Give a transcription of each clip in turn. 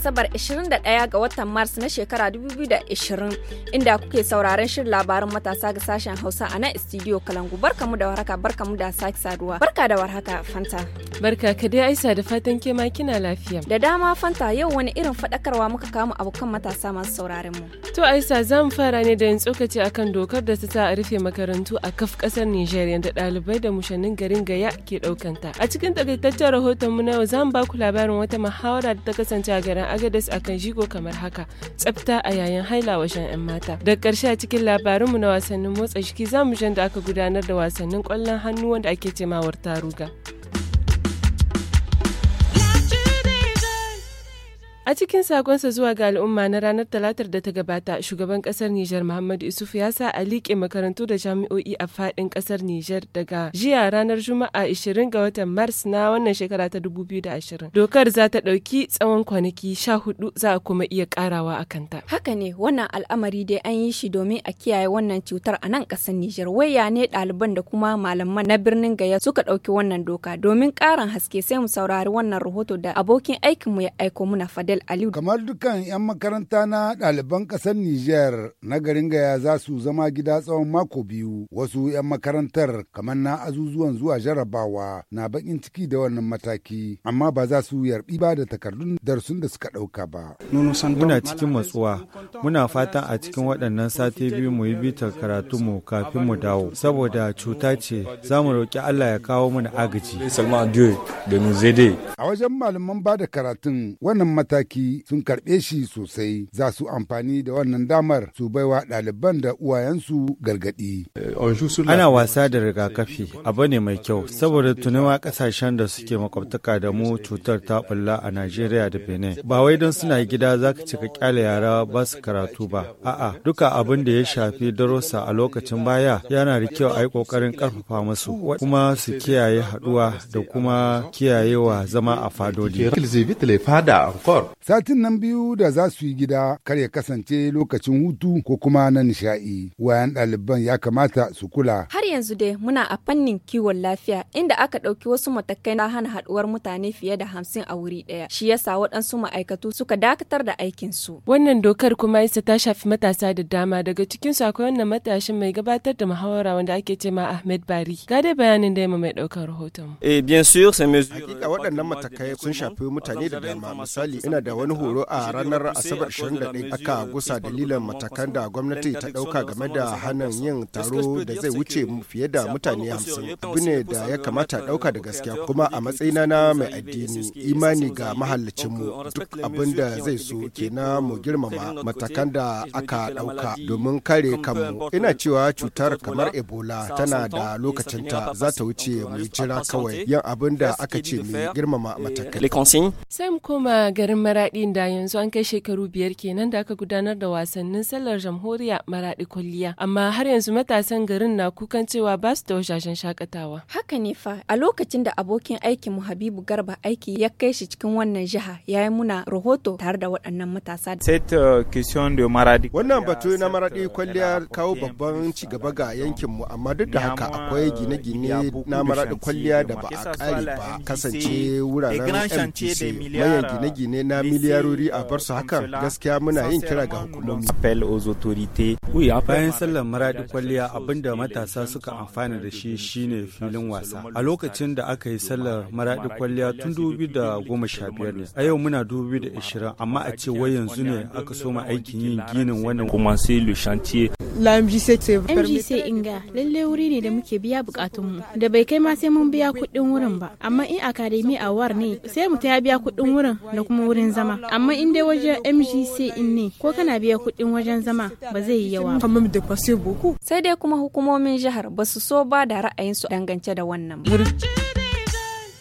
Asabar 21 ga watan Mars na shekara 2020 inda kuke sauraron shirin labarin matasa ga sashen Hausa a nan studio Kalangu. Barkamu da warhaka, barkamu da sake saduwa. Barka da warhaka Fanta. Barka ka dai Aisha da fatan ke ma kina lafiya. Da dama Fanta yau wani irin fadakarwa muka kama abokan matasa masu sauraren mu. To Aisha za fara ne da yin tsokaci akan dokar da ta sa a rufe makarantu a kaf ƙasar Nijar yadda ɗalibai da mushannin garin Gaya ke ɗaukanta. A cikin takaitaccen rahoton mu na yau za mu ba ku labarin wata muhawara da ta kasance a garin a akan jigo kamar haka tsafta a yayin haila wajen 'yan mata. Da ƙarshe a cikin labarinmu na wasannin motsa jiki za mu da aka gudanar da wasannin ƙwallon hannu wanda ake cema taruga. A cikin sakonsa zuwa ga al'umma na ranar talatar da ta gabata, shugaban kasar Nijar Muhammadu Isuf ya sa a liƙe makarantu da jami'o'i a faɗin kasar Nijar daga jiya ranar Juma'a 20 ga watan Mars na wannan shekara ta 2020. Dokar za ta ɗauki tsawon kwanaki sha hudu za a kuma iya ƙarawa a kanta. Haka ne, wannan al'amari dai an yi shi domin a kiyaye wannan cutar a nan ƙasar Nijar. ya ne ɗaliban da kuma malaman na birnin Gaya suka ɗauki wannan doka domin ƙarin haske sai mu saurari wannan rahoto da abokin aikinmu ya aiko muna Fadel Aliu. Kamar dukkan 'yan makaranta na ɗaliban ƙasar Nijar na garin gaya za su zama gida tsawon mako biyu. Wasu 'yan makarantar kamar na azuzuwan zuwa jarabawa na baƙin ciki da wannan mataki, amma ba za su yarbi ba da takardun darsun da suka ɗauka ba. Muna cikin matsuwa, muna fata a cikin waɗannan sati biyu mu yi bitar karatunmu kafin mu dawo, saboda cuta ce za mu roƙi Allah ya kawo mana agaji. A wajen malaman ba da karatun wannan mataki baki sun karɓe shi sosai za su amfani da wannan damar su baiwa ɗaliban da uwayensu gargaɗi. Ana wasa da rigakafi abu ne mai kyau saboda tunawa ƙasashen da suke makwabtaka da mu cutar ta ɓulla a Najeriya da Benin. Ba wai don suna gida za ka cika ƙyale yara ba su karatu ba. A'a duka abin da ya shafi darussa a lokacin baya yana da kyau a yi ƙoƙarin ƙarfafa musu kuma su kiyaye haɗuwa da kuma kiyayewa zama a fadodi. Satin nan biyu da za su yi gida kar ya kasance lokacin hutu ko kuma na nishaɗi. Wayan ɗaliban ya kamata su kula. Har yanzu dai muna a fannin kiwon lafiya inda aka ɗauki wasu matakai na hana haɗuwar mutane fiye da hamsin a wuri ɗaya. Shi yasa waɗansu ma'aikatu suka dakatar da aikinsu. Wannan dokar kuma isa ta shafi matasa da dama daga cikinsu akwai wannan matashin mai gabatar da muhawara wanda ake ce ma Ahmed Bari. Ga dai bayanin da mai ɗaukar rahoton. Eh bien sûr, c'est mesure. Hakika waɗannan matakai sun shafi mutane da dama. Misali ina da da wani horo a ranar Asabar 21 aka gusa dalilan matakan da gwamnati ta ɗauka game da hannun yin taro da zai wuce fiye da mutane 50. Abu ne da ya kamata ɗauka da gaskiya kuma a matsayina na mai addini imani ga mahallicinmu duk abin da zai so kenan mu girmama matakan da aka ɗauka domin kare kanmu. Ina cewa cutar kamar Ebola tana da lokacinta za ta wuce mu jira kawai yin abin da aka ce mai girmama matakan. Sai kuma garin maraɗin da yanzu an kai shekaru biyar kenan da aka gudanar da wasannin sallar jamhuriya maraɗi kwalliya amma har yanzu matasan garin na kukan cewa ba su da wajajen shakatawa haka ne fa a lokacin da abokin aikin mu habibu garba aiki ya kai shi cikin wannan jiha ya yi muna rahoto tare da waɗannan matasa set euh, question de maradi wannan batu na maraɗi euh, kwalliya kawo babban ci gaba ga yankin mu amma duk da haka akwai gine-gine na maraɗi kwalliya da ba a ƙare ba kasance wuraren mtc mayan gine-gine na miliyarori a euh, bar su haka gaskiya muna yin kira ga hukumomi. Bayan sallar maradi kwalliya abinda matasa suka amfana da shi shine filin wasa. A lokacin da aka yi sallar maradi kwalliya tun 2015 ne. A yau muna 2020 amma a ce wai yanzu ne aka soma aikin yin ginin wannan. la MJC MJC Inga lalle wuri ne da muke biya bukatun mu da bai kai ma sai mun biya kuɗin wurin ba amma in Academy Award ne sai mu ta biya kuɗin wurin da kuma wurin zama amma in dai wajen MJC in ne ko kana biya kuɗin wajen zama ba zai yi yawa ba. Sai dai kuma hukumomin jihar ba su so ba da ra'ayinsu dangance da wannan.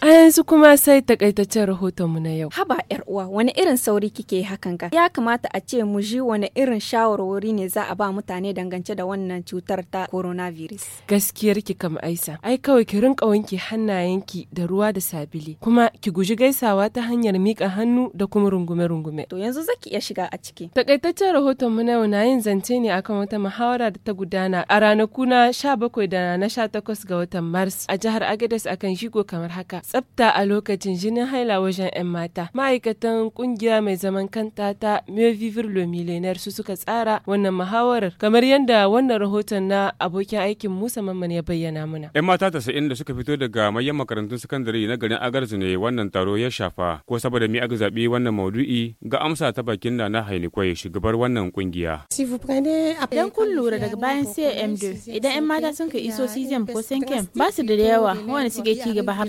A yanzu kuma sai takaitaccen mu na yau. Haba yar uwa wani irin sauri kike hakan ka? Ya kamata a ce mu ji wani irin shawarwari ne za a ba mutane dangance da wannan cutar ta coronavirus. Gaskiyar ki kam Aisa. Ai kawai ki rinka wanke hannayenki da ruwa da sabili kuma ki guji gaisawa ta hanyar mika hannu da kuma rungume-rungume. To yanzu zaki iya shiga a ciki. Takaitaccen mu na yau na yin zance ne akan wata muhawara da ta gudana a ranaku na 17 da na 18 ga watan Mars a jihar Agadez akan shigo kamar haka. tsafta a lokacin jinin haila wajen 'yan mata. Ma'aikatan kungiya mai zaman kanta ta Mieux Vivre su suka tsara wannan muhawarar kamar yadda wannan rahoton na abokin aikin Musa Mamman ya bayyana muna. 'Yan mata tasa'in da suka fito daga manyan makarantun sakandare na garin Agarzu ne wannan taro ya shafa ko saboda mi aka zaɓi wannan maudu'i ga amsa ta bakin na na Hainikwai shugabar wannan kungiya. Idan kun lura daga bayan CM2 idan 'yan mata sun ka iso CGM ko Senkem ba su da yawa wani suke ci gaba har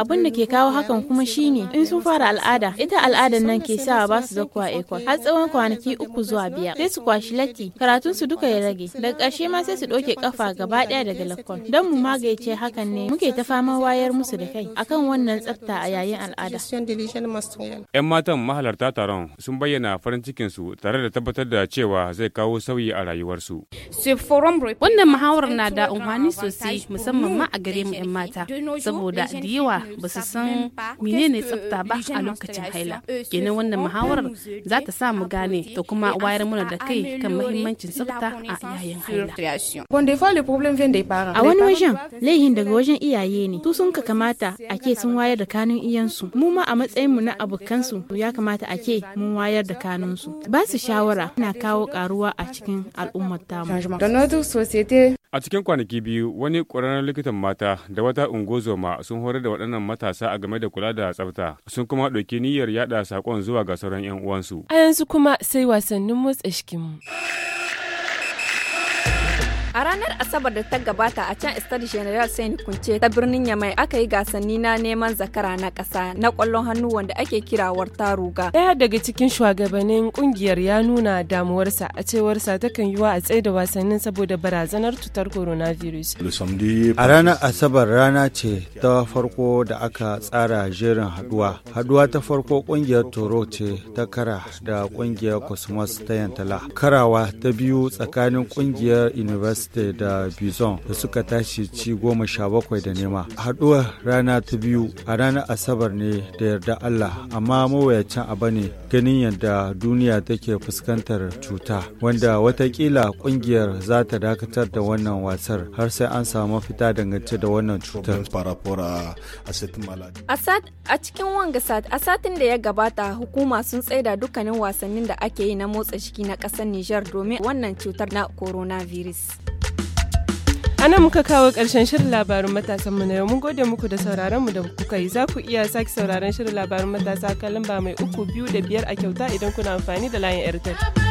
abin da ke kawo hakan kuma shine in sun fara al'ada ita al'adan nan ke sawa ba su zakuwa ekol har tsawon kwanaki uku zuwa biyar sai su kwashi latti karatun su duka ya rage daga ƙarshe ma sai su ɗauke kafa gaba ɗaya daga lakon don mu magance hakan ne muke ta fama wayar musu da kai akan wannan tsafta a yayin al'ada. 'Yan matan mahalarta taron sun bayyana farin cikin su tare da tabbatar da cewa zai kawo sauyi a rayuwarsu. Wannan muhawarar na da umarni sosai musamman ma a gare mu 'yan mata saboda da yawa ba su san menene tsafta ba a lokacin haila kenan wannan muhawarar za ta sa mu gane ta kuma wayar mana da kai kan mahimmancin tsafta a yayin haila a wani wajen laihin daga wajen iyaye ne su sun ka kamata a ke sun wayar da kanun iyansu mu ma a matsayin mu na abokansu ya kamata a ke mun wayar da kanunsu ba su shawara na kawo karuwa a cikin al'ummar tamu A cikin kwanaki biyu, wani ƙwararren likitan mata da wata ungozoma sun horar da waɗannan matasa a game da kula da tsafta, sun kuma ɗauki niyyar yaɗa saƙon zuwa ga sauran 'yan uwansu. A yanzu kuma sai wasannin motsa shikinmu. A ranar Asabar da ta gabata a can Estadi General Sani Kunce ta birnin Yamai aka yi gasanni na neman zakara na ƙasa na kwallon hannu wanda ake kira Wartaruga. Ɗaya daga cikin shugabannin ƙungiyar ya nuna damuwarsa a cewarsa takan yiwa a tsaye da wasannin saboda barazanar cutar coronavirus. A ranar Asabar rana ce ta farko da aka tsara jerin haduwa. Haduwa ta farko ƙungiyar Toro ce ta kara da ƙungiyar Cosmos ta Yantala. Karawa ta biyu tsakanin ƙungiyar University celeste da bizon da suka tashi ci goma sha bakwai da nema haɗuwar rana ta biyu a ranar asabar ne da yarda allah amma mawayacin abu ne ganin yadda duniya take fuskantar cuta wanda watakila kungiyar za ta dakatar da wannan wasar har sai an samu mafita dangance da wannan cutar a cikin wanga a satin da ya gabata hukuma sun tsaida dukkanin wasannin da ake yi na motsa jiki na ƙasar nijar domin wannan cutar na coronavirus. ana muka kawo ƙarshen shirin labarin matasan mu na yau mun gode muku da sauraron mu da kuka yi za ku iya sake sauraron shirin labarin matasa kan lamba mai uku biyu da biyar a kyauta idan kuna amfani da layin airtel